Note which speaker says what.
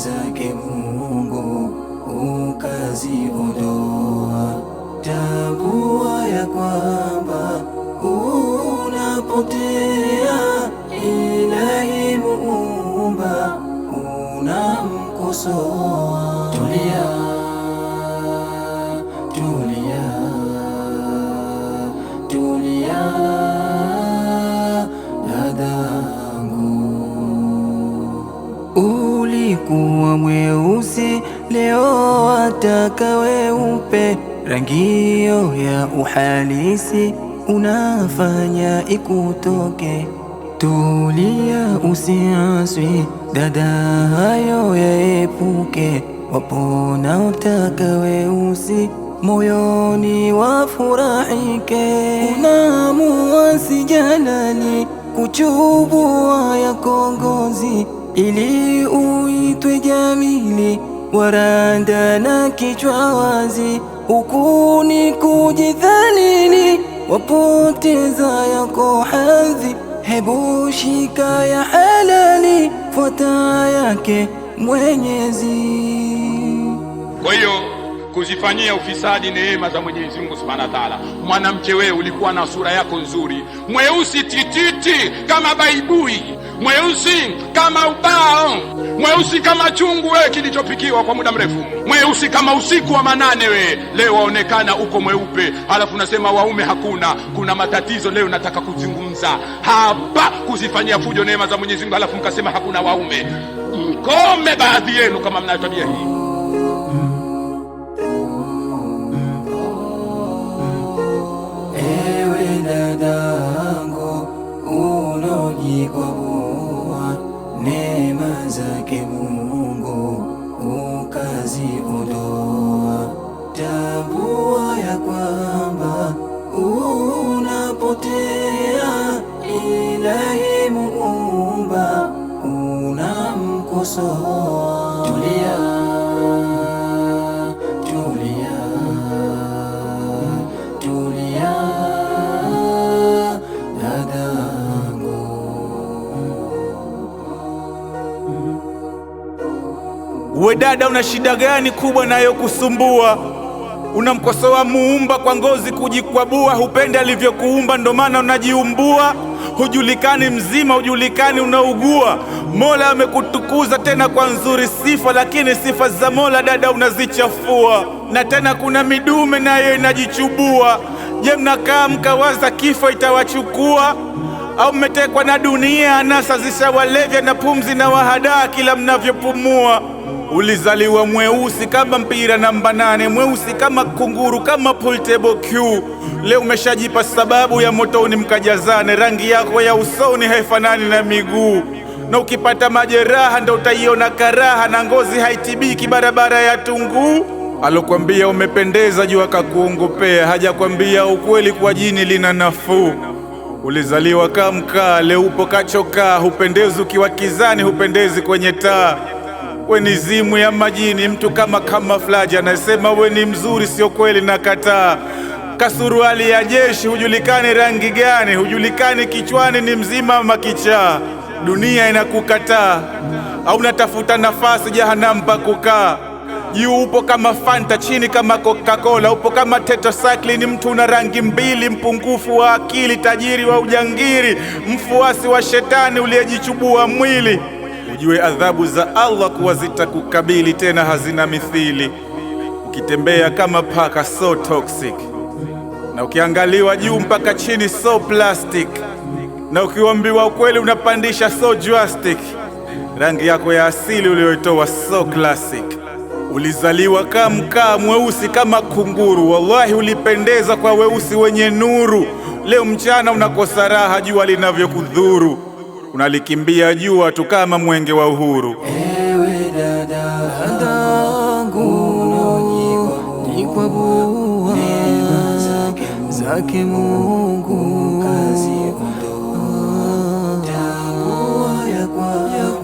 Speaker 1: zake Mungu ukaziondoa. Tambua ya kwamba unapotea, Ilahi Muumba unamkosoa. Tulia.
Speaker 2: kuwa mweusi, leo wataka weupe. Rangio ya uhalisi unafanya ikutoke. Tulia, usiaswi dada, hayo yaepuke. Wapona utaka weusi, moyoni wafurahike. Unamuwasi Jalali kuchubua ya kongozi ili uitwe jamili, waranda na kichwa wazi, huku ni wapoteza yako hadhi. Hebu shika ya halali, fuata yake Mwenyezi.
Speaker 3: Kwa hiyo kuzifanyia ufisadi neema za Mwenyezi Mungu Subhanahu wa Ta'ala. Mwanamke wewe ulikuwa na sura yako nzuri, mweusi tititi kama baibui, mweusi kama ubao, mweusi kama chungu wewe kilichopikiwa kwa muda mrefu, mweusi kama usiku wa manane. We leo waonekana uko mweupe, halafu unasema waume hakuna. Kuna matatizo leo nataka kuzungumza hapa, kuzifanyia fujo neema za Mwenyezi Mungu, halafu mkasema hakuna waume. Mkome baadhi yenu kama mnayo tabia hii.
Speaker 1: tambua ya kwamba unapotea, Ilahi Muumba unamkosoa. Tulia, tulia, tulia dadangu,
Speaker 4: we dada, una shida gani kubwa nayokusumbua? Unamkosoa muumba kwa ngozi kujikwabua, hupendi alivyokuumba, ndo maana unajiumbua. Hujulikani mzima, hujulikani unaugua. Mola amekutukuza tena kwa nzuri sifa, lakini sifa za Mola dada unazichafua. Na tena kuna midume nayo inajichubua. Je, mnakaa mkawaza kifo itawachukua? au mmetekwa na dunia, anasa zishawalevya na pumzi na wahadaa kila mnavyopumua. Ulizaliwa mweusi kama mpira namba nane, mweusi kama kunguru, kama pool table cue. Leo umeshajipa sababu ya motoni mkajazane, rangi yako ya usoni haifanani na miguu na ukipata majeraha ndo utaiona karaha, na ngozi haitibiki barabara ya tunguu. Alokwambia umependeza juu kakuongopea, hajakwambia ukweli kwa jini lina nafuu. Ulizaliwa leo leupo kachokaa, hupendezi ukiwa kizani, hupendezi kwenye taa. We ni zimu ya majini, mtu kama kama flaja, anasema we ni mzuri, sio kweli, kataa Kasuruali ya jeshi, hujulikani rangi gani, hujulikani kichwani ni mzima ama kichaa. Dunia inakukataa, au natafuta nafasi jahanamu pa kukaa juu upo kama Fanta, chini kama Coca-Cola, upo kama tetracycline. Mtu una rangi mbili, mpungufu wa akili, tajiri wa ujangiri, mfuasi wa shetani uliyejichubua mwili. Ujue adhabu za Allah kuwa zitakukabili, tena hazina mithili. Ukitembea kama paka, so toxic, na ukiangaliwa juu mpaka chini, so plastic, na ukiwambiwa ukweli unapandisha, so drastic. Rangi yako ya asili uliyoitoa, so classic Ulizaliwa kamkaa mweusi kama kunguru, wallahi ulipendeza kwa weusi wenye nuru. Leo mchana unakosa raha, jua linavyokudhuru, unalikimbia jua tu kama mwenge wa uhuru.
Speaker 1: Ewe dada zake Mungu kazi ya